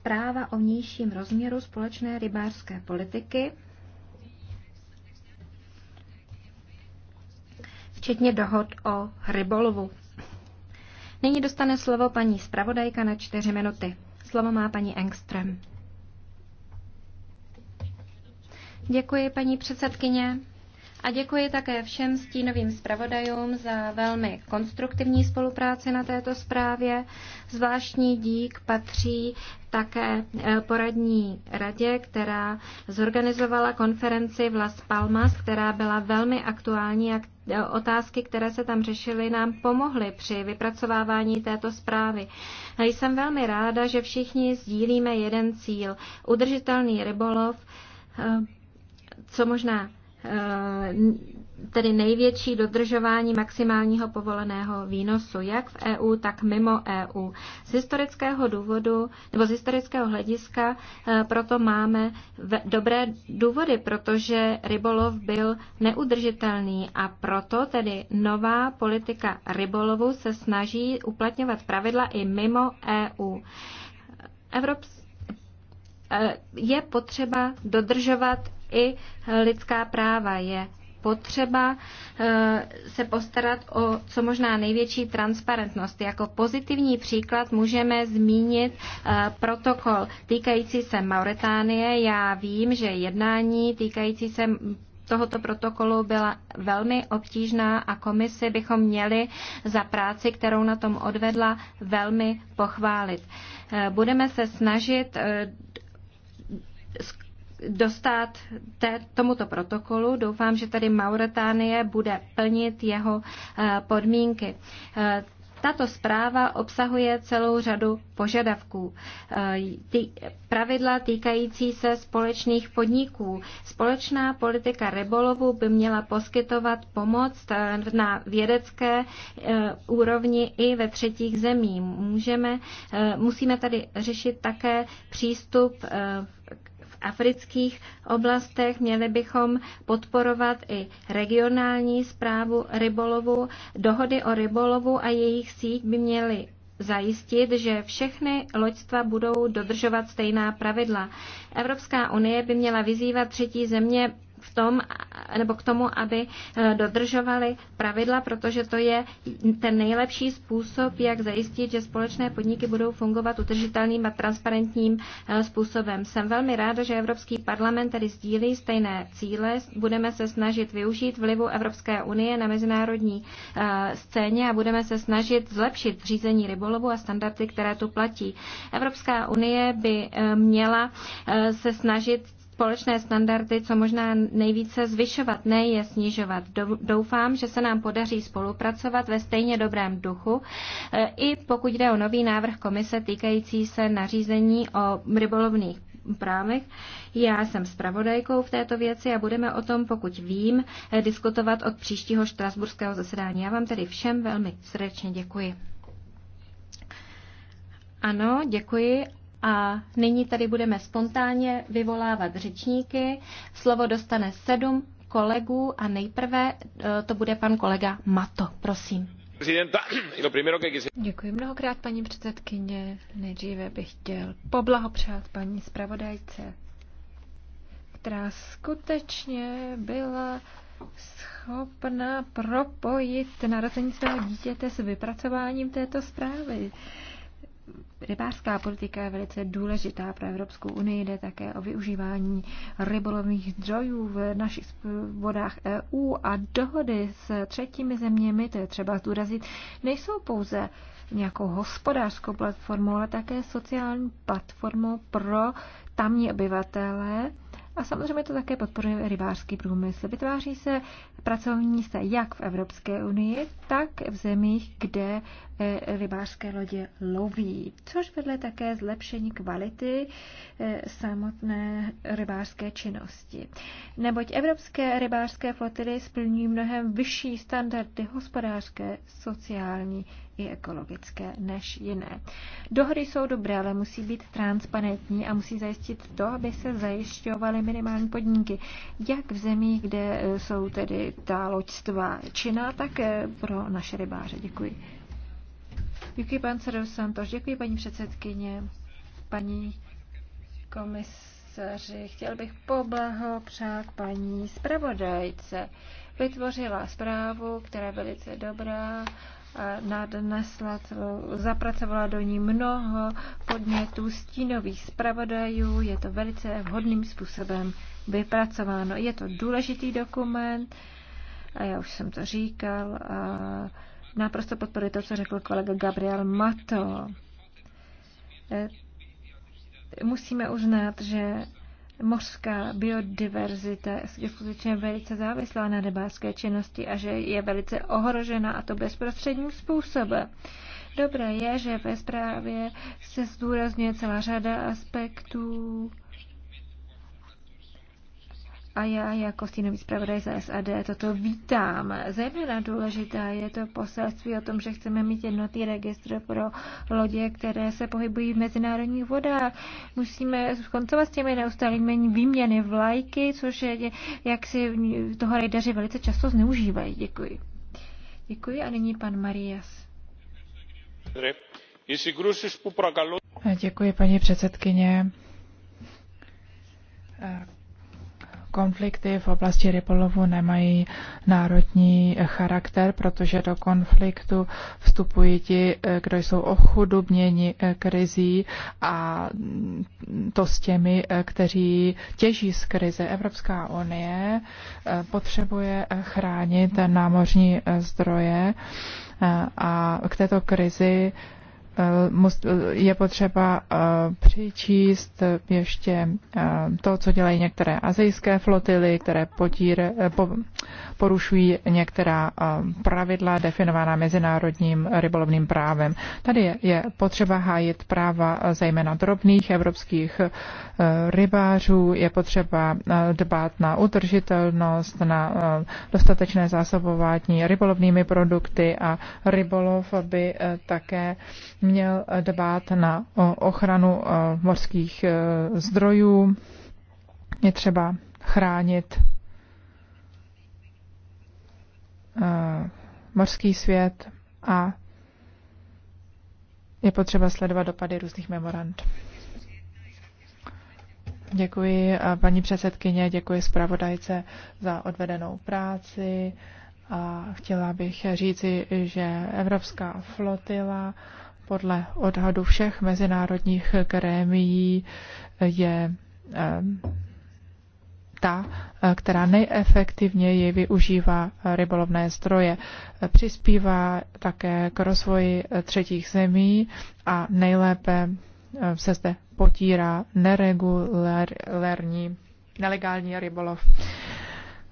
zpráva o vnějším rozměru společné rybářské politiky, včetně dohod o rybolovu. Nyní dostane slovo paní zpravodajka na čtyři minuty. Slovo má paní Engström. Děkuji, paní předsedkyně. A děkuji také všem stínovým zpravodajům za velmi konstruktivní spolupráci na této zprávě. Zvláštní dík patří také e, poradní radě, která zorganizovala konferenci v Las Palmas, která byla velmi aktuální a e, otázky, které se tam řešily, nám pomohly při vypracovávání této zprávy. A jsem velmi ráda, že všichni sdílíme jeden cíl, udržitelný rybolov, e, co možná Eh, tedy největší dodržování maximálního povoleného výnosu, jak v EU, tak mimo EU. Z historického důvodu, nebo z historického hlediska, eh, proto máme dobré důvody, protože rybolov byl neudržitelný a proto tedy nová politika rybolovu se snaží uplatňovat pravidla i mimo EU. Evrops- eh, je potřeba dodržovat i lidská práva. Je potřeba eh, se postarat o co možná největší transparentnost. Jako pozitivní příklad můžeme zmínit eh, protokol týkající se Mauritánie. Já vím, že jednání týkající se tohoto protokolu byla velmi obtížná a komisi bychom měli za práci, kterou na tom odvedla, velmi pochválit. Eh, budeme se snažit dostat te, tomuto protokolu. Doufám, že tady Mauretánie bude plnit jeho eh, podmínky. Eh, tato zpráva obsahuje celou řadu požadavků. Eh, Ty pravidla týkající se společných podniků. Společná politika rybolovu by měla poskytovat pomoc na vědecké úrovni i ve třetích zemích. musíme tady řešit také přístup afrických oblastech. Měli bychom podporovat i regionální zprávu rybolovu. Dohody o rybolovu a jejich síť by měly zajistit, že všechny loďstva budou dodržovat stejná pravidla. Evropská unie by měla vyzývat třetí země v tom, nebo k tomu, aby eh, dodržovali pravidla, protože to je ten nejlepší způsob, jak zajistit, že společné podniky budou fungovat udržitelným a transparentním eh, způsobem. Jsem velmi ráda, že Evropský parlament tedy sdílí stejné cíle. Budeme se snažit využít vlivu Evropské unie na mezinárodní eh, scéně a budeme se snažit zlepšit řízení rybolovu a standardy, které tu platí. Evropská unie by měla se snažit společné standardy co možná nejvíce zvyšovat, ne je snižovat. Doufám, že se nám podaří spolupracovat ve stejně dobrém duchu, eh, i pokud jde o nový návrh komise týkající se nařízení o rybolovných právech. Já jsem zpravodajkou v této věci a budeme o tom, pokud vím, eh, diskutovat od příštího štrasburského zasedání. Já vám tedy všem velmi srdečně děkuji. Ano, děkuji a nyní tady budeme spontánně vyvolávat řečníky. Slovo dostane sedm kolegů a nejprve e, to bude pan kolega Mato. Prosím. Děkuji mnohokrát, paní předsedkyně. Nejdříve bych chtěl poblahopřát paní zpravodajce, která skutečně byla schopna propojit narození svého dítěte s vypracováním této zprávy. Rybářská politika je velice důležitá pro Evropskou unii. Jde také o využívání rybolovných zdrojů v našich vodách EU a dohody s třetími zeměmi, to je třeba zdůrazit, nejsou pouze nějakou hospodářskou platformou, ale také sociální platformou pro tamní obyvatele. A samozřejmě to také podporuje rybářský průmysl. Vytváří se pracovní místa jak v Evropské unii, tak v zemích, kde eh, rybářské lodě loví což vedle také zlepšení kvality eh, samotné rybářské činnosti. Neboť evropské rybářské flotily splňují mnohem vyšší standardy hospodářské, sociální i ekologické než jiné. Dohody jsou dobré, ale musí být transparentní a musí zajistit to, aby se zajišťovaly minimální podmínky, jak v zemích, kde eh, jsou tedy ta loďstva činná, tak eh, pro naše rybáře. Děkuji. Děkuji, pan Cerro Santos. Děkuji, paní předsedkyně, paní komisaři. Chtěl bych poblahopřát paní zpravodajce. Vytvořila zprávu, která je velice dobrá nadnesla, zapracovala do ní mnoho podnětů stínových zpravodajů. Je to velice vhodným způsobem vypracováno. Je to důležitý dokument, a já už jsem to říkal. A Naprosto podporuji to, co řekl kolega Gabriel Mato. E, musíme uznat, že mořská biodiverzita je skutečně velice závislá na rybářské činnosti a že je velice ohrožena a to bezprostředním způsobem. Dobré je, že ve zprávě se zdůrazňuje celá řada aspektů a já jako stínový zpravodaj za SAD toto vítám. Zejména důležité je to poselství o tom, že chceme mít jednotný registr pro lodě, které se pohybují v mezinárodních vodách. Musíme skoncovat s těmi neustálými výměny vlajky, což je, jak si toho rejdaři velice často zneužívají. Děkuji. Děkuji a nyní pan Marias. Děkuji, paní předsedkyně Konflikty v oblasti rybolovu nemají národní charakter, protože do konfliktu vstupují ti, eh, kdo jsou ochudobněni eh, krizí a to s těmi, eh, kteří těží z krize. Evropská unie potřebuje chránit námořní zdroje a k této krizi Eh, eh, je potřeba eh, přičíst ještě to, co dělají některé azijské flotily, které potír, po, porušují některá pravidla definovaná mezinárodním rybolovným právem. Tady je potřeba hájit práva zejména drobných evropských rybářů, je potřeba dbát na utržitelnost, na dostatečné zásobování rybolovnými produkty a rybolov by také měl dbát na ochranu e, mořských e, zdrojů, je třeba chránit e, mořský svět a je potřeba sledovat dopady různých memorand. Děkuji paní předsedkyně, děkuji zpravodajce za odvedenou práci a chtěla bych říci, že Evropská flotila podle odhadu všech mezinárodních grémií je eh, ta, eh, která nejefektivněji využívá rybolovné zdroje. Přispívá také k rozvoji eh, třetích zemí a nejlépe se zde potírá neregulární nelegální rybolov.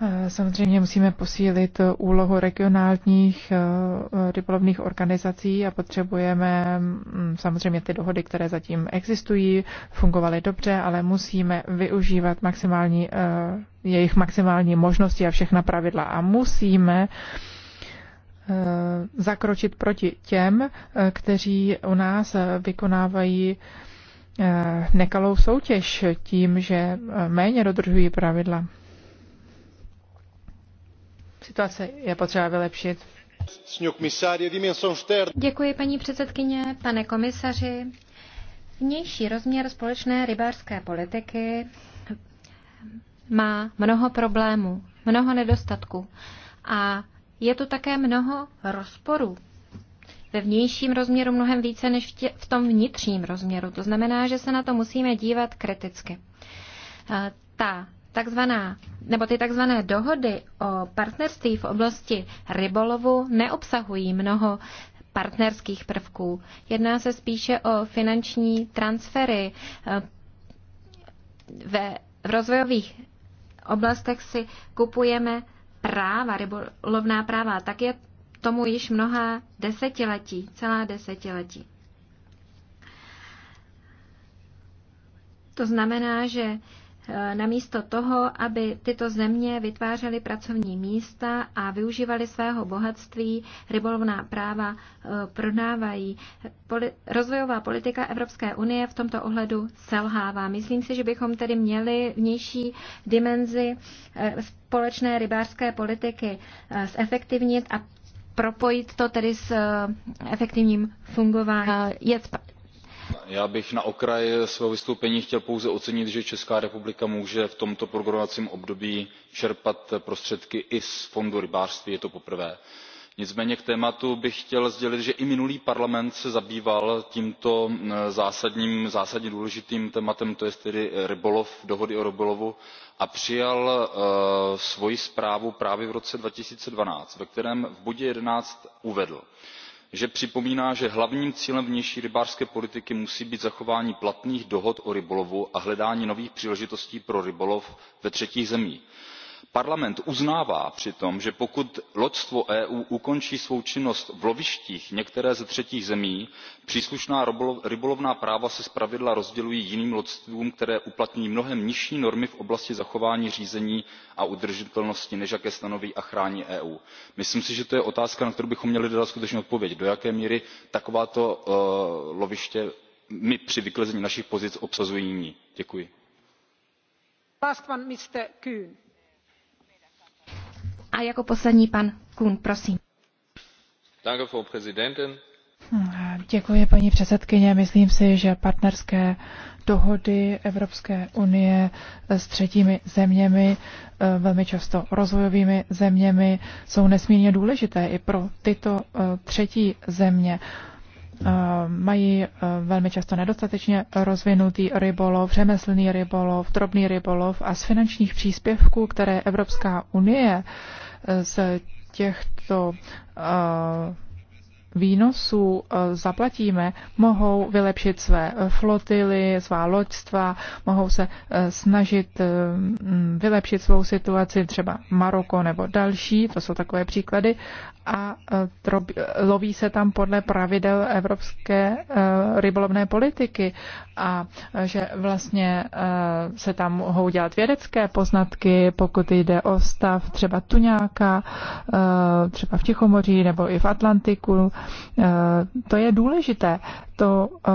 Eh, samozřejmě musíme posílit eh, úlohu regionálních eh, rybolovných organizací a potřebujeme mm, samozřejmě ty dohody, které zatím existují, fungovaly dobře, ale musíme využívat maximální, jejich maximální možnosti a všechna pravidla a musíme zakročit proti těm, kteří u nás vykonávají nekalou soutěž tím, že méně dodržují pravidla. Situace je potřeba vylepšit. Děkuji, paní předsedkyně, pane komisaři. Vnější rozměr společné rybářské politiky má mnoho problémů, mnoho nedostatků a je tu také mnoho rozporů. Ve vnějším rozměru mnohem více než v, tě, v tom vnitřním rozměru. To znamená, že se na to musíme dívat kriticky. Ta takzvaná, nebo ty takzvané dohody o partnerství v oblasti rybolovu neobsahují mnoho partnerských prvků. Jedná se spíše o finanční transfery. Eh, ve, v rozvojových oblastech si kupujeme práva, rybolovná práva. Tak je tomu již mnoha desetiletí, celá desetiletí. To znamená, že Eh, namísto toho, aby tyto země vytvářely pracovní místa a využívaly svého bohatství, rybolovná práva eh, prodávají. rozvojová politika Evropské unie v tomto ohledu selhává. Myslím si, že bychom tedy měli vnější dimenzi eh, společné rybářské politiky zefektivnit a propojit to tedy s efektivním fungováním. Je já bych na okraj svého vystoupení chtěl pouze ocenit že česká republika může v tomto programovacím období čerpat prostředky i z fondu rybářství je to poprvé. nicméně k tématu bych chtěl sdělit že i minulý parlament se zabýval tímto zásadně důležitým tématem to je tedy dohody o rybolovu a přijal e, svoji zprávu právě v roce two thousand and twelve ve které v bodě eleven uvedl že připomíná že hlavním cílem vnější rybářské politiky musí být zachování platných dohod o rybolovu a hledání nových příležitostí pro rybolov ve třetích zemích parlament uznává přitom že pokud loďstvo eu ukončí svou činnost v lovištích některé ze třetích zemí příslušná rybolovná práva se zpravidla rozdělují jiným loďstvům která uplatňují mnohem nižší normy v oblasti zachování řízení a udržitelnosti než jaké stanoví a chrání eu. myslím si že to je otázka na kterou bychom měli hledat skutečně odpověď do jaké míry takováto eh, loviště my při vyklizení našich pozic obsazují jiní. děkuji. A jako poslední pan Kuhn, prosím. Děkuji, paní předsedkyně. Myslím si, že partnerské dohody Evropské unie s třetími zeměmi, eh, velmi často rozvojovými zeměmi, jsou nesmírně důležité i pro tyto eh, třetí země. Eh, mají eh, velmi často nedostatečně rozvinutý rybolov, řemeslný rybolov, drobný rybolov a z finančních příspěvků, které Evropská unie eh, z těchto výnosů eh, zaplatíme, mohou vylepšit své eh, flotily, svá loďstva, mohou se eh, snažit mm, vylepšit svou situaci, třeba Maroko nebo další, to jsou takové příklady, a loví se tam podle pravidel evropské rybolovné politiky a že vlastně se tam mohou dělat vědecké poznatky, pokud jde o stav třeba tuňáka, třeba v Tichomoří nebo i v Atlantiku, Eh, to je důležité. To eh,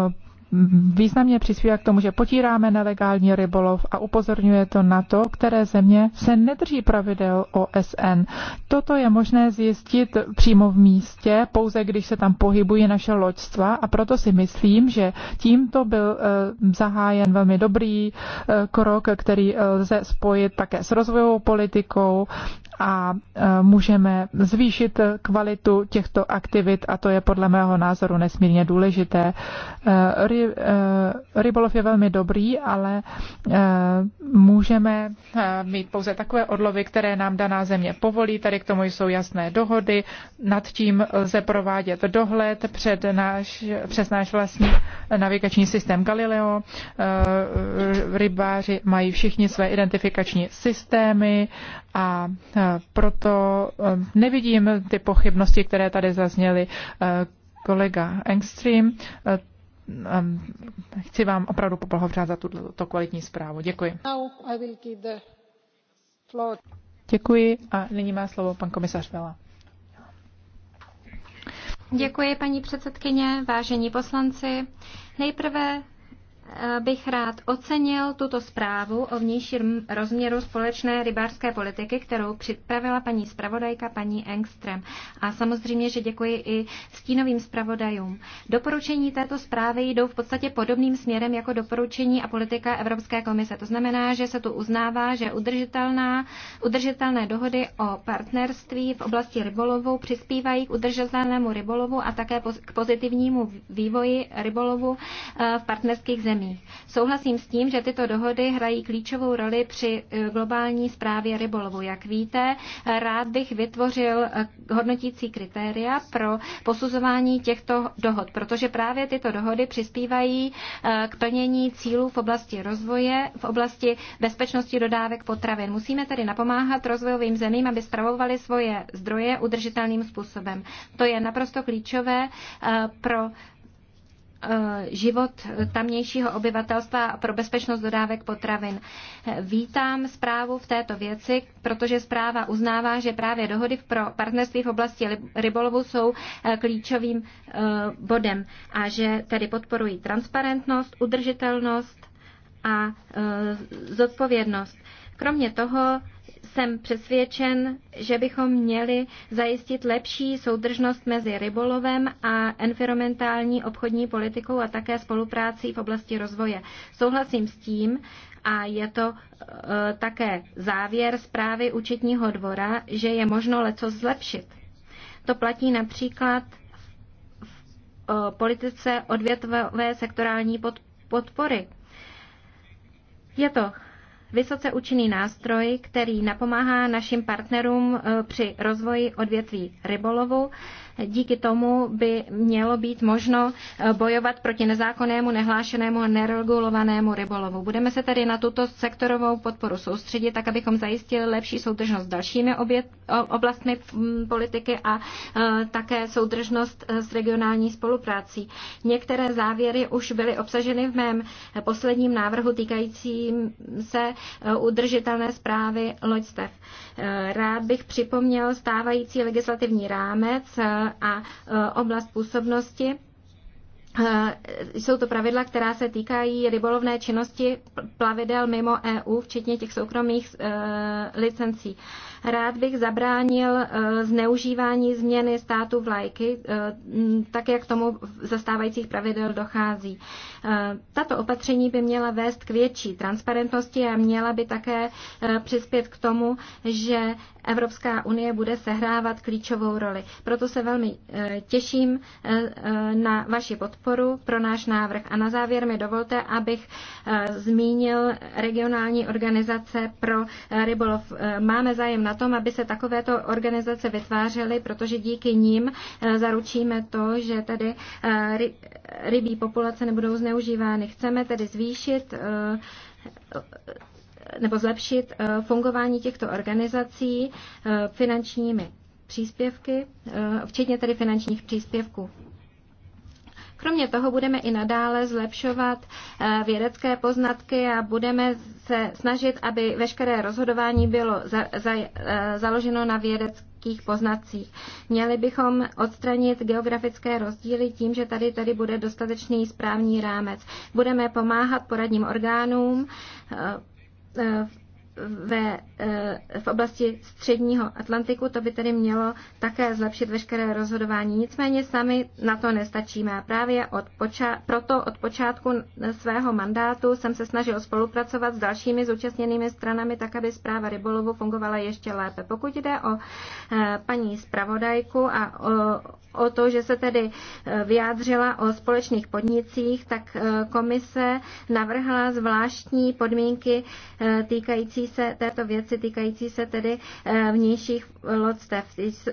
významně přispívá k tomu, že potíráme nelegální rybolov a upozorňuje to na to, které země se nedrží pravidel OSN. Toto je možné zjistit přímo v místě, pouze když se tam pohybují naše loďstva a proto si myslím, že tímto byl eh, zahájen velmi dobrý krok, který lze spojit také s rozvojovou politikou a e, můžeme zvýšit kvalitu těchto aktivit a to je podle mého názoru nesmírně důležité. E, e, rybolov je velmi dobrý, ale můžeme mít pouze takové odlovy, které nám daná země povolí. Tady k tomu jsou jasné dohody. Nad tím lze provádět dohled před náš, přes náš vlastní navigační systém Galileo. Rybáři mají všichni své identifikační systémy a proto ehm, nevidím ty pochybnosti, které tady zazněly eh, kolega Engstream. Eh, ehm, chci vám opravdu poblahopřát za tuto kvalitní zprávu. Děkuji. Děkuji a nyní má slovo pan komisař Vela. Děkuji, paní předsedkyně, vážení poslanci. Nejprve Eh, bych rád ocenil tuto zprávu o vnějším rozměru společné rybářské politiky, kterou připravila paní zpravodajka paní Engström. A samozřejmě, že děkuji i stínovým zpravodajům. Doporučení této zprávy jdou v podstatě podobným směrem jako doporučení a politika Evropské komise. To znamená, že se tu uznává, že udržitelná, udržitelné dohody o partnerství v oblasti rybolovu přispívají k udržitelnému rybolovu a také k pozitivnímu vývoji rybolovu eh, v partnerských zemích zemí. Souhlasím s tím, že tyto dohody hrají klíčovou roli při eh, globální zprávě rybolovu. Jak víte, rád bych vytvořil eh, hodnotící kritéria pro posuzování těchto dohod, protože právě tyto dohody přispívají eh, k plnění cílů v oblasti rozvoje, v oblasti bezpečnosti dodávek potravin. Musíme tedy napomáhat rozvojovým zemím, aby spravovali svoje zdroje udržitelným způsobem. To je naprosto klíčové pro Eh, život tamnějšího obyvatelstva pro bezpečnost dodávek potravin. Vítám zprávu v této věci, protože zpráva uznává, že právě dohody pro partnerství v oblasti rybolovu jsou eh, klíčovým eh, bodem a že tedy podporují transparentnost, udržitelnost a zodpovědnost. Kromě toho jsem přesvědčen, že bychom měli zajistit lepší soudržnost mezi rybolovem a environmentální obchodní politikou a také spoluprácí v oblasti rozvoje. Souhlasím s tím, a je to e, také závěr zprávy účetního dvora, že je možno leco zlepšit. To platí například v e, politice odvětvové sektorální pod, podpory. Je to vysoce účinný nástroj, který napomáhá našim partnerům eh, při rozvoji odvětví rybolovu. Díky tomu by mělo být možno eh, bojovat proti nezákonnému, nehlášenému a neregulovanému rybolovu. Budeme se tedy na tuto sektorovou podporu soustředit, tak abychom zajistili lepší soudržnost s dalšími oblastmi mm, politiky a eh, také soudržnost eh, s regionální spoluprácí. Některé závěry už byly obsaženy v mém posledním návrhu týkajícím se udržitelné zprávy loďstev. Rád bych připomněl stávající legislativní rámec, a e, oblast působnosti. E, jsou to pravidla, která se týkají rybolovné činnosti plavidel mimo EU, včetně těch soukromých e, licencí. Rád bych zabránil eh, zneužívání změny státu vlajky, eh, tak jak tomu zastávajících pravidel dochází. Eh, tato opatření by měla vést k větší transparentnosti a měla by také přispět k tomu, že Evropská unie bude sehrávat klíčovou roli. Proto se velmi těším na vaši podporu pro náš návrh. A na závěr mi dovolte, abych zmínil regionální organizace pro rybolov. Máme zájem na na tom, aby se takovéto organizace vytvářely, protože díky nim eh, zaručíme to, že tedy eh, rybí populace nebudou zneužívány. Chceme tedy zvýšit eh, nebo zlepšit fungování těchto organizací finančními příspěvky, včetně tedy finančních příspěvků. Kromě toho budeme i nadále zlepšovat eh, vědecké poznatky a budeme se snažit, aby veškeré rozhodování bylo za, za, eh, založeno na vědecké vědeckých poznacích. Měli bychom odstranit geografické rozdíly tím, že tady tady bude dostatečný správní rámec. Budeme pomáhat poradním orgánům eh, ve, eh, v oblasti středního Atlantiku, to by tedy mělo také zlepšit veškeré rozhodování. Nicméně sami na to nestačíme. Právě od poča- proto od počátku svého mandátu jsem se snažil spolupracovat s dalšími zúčastněnými stranami, tak aby zpráva rybolovu fungovala ještě lépe. Pokud jde o eh, paní zpravodajku a o, o to, že se tedy eh, vyjádřila o společných podnicích, tak komise navrhla zvláštní podmínky týkající se této věci, týkající se tedy eh, vnějších lodstev.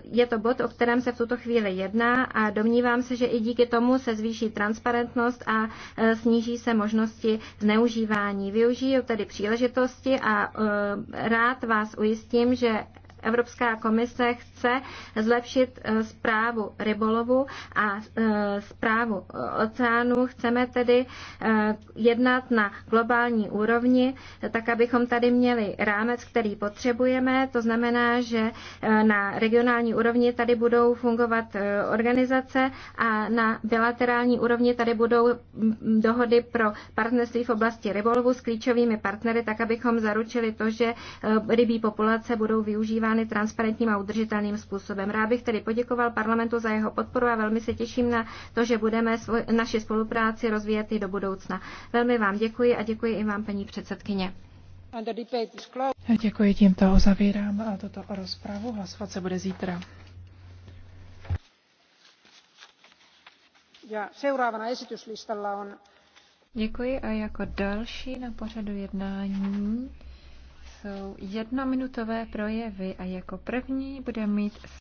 Je to bod, o kterém se v tuto chvíli jedná a domnívám se, že i díky tomu se zvýší transparentnost a eh, sníží se možnosti zneužívání. Využiju tedy příležitosti a eh, rád vás ujistím, že Evropská komise chce zlepšit zprávu eh, rybolovu a zprávu eh, eh, oceánu. Chceme tedy jednat na globální úrovni, tak abychom tady měli rámec, který potřebujeme. To znamená, že na regionální úrovni tady budou fungovat organizace a na bilaterální úrovni tady budou mm, mm, dohody pro partnerství v oblasti rybolovu s klíčovými partnery, tak abychom zaručili to, že rybí populace budou využívány vymáhány transparentním a udržitelným způsobem. Rád bych tedy poděkoval parlamentu za jeho podporu a velmi se těším na to, že budeme svoj, naši spolupráci rozvíjet i do budoucna. Velmi vám děkuji a děkuji i vám, paní předsedkyně. Děkuji, tímto uzavírám a toto rozpravu. Hlasovat se bude zítra. Ja esityslistalla on... Děkuji a jako další na pořadu jednání jsou jednominutové projevy a jako první bude mít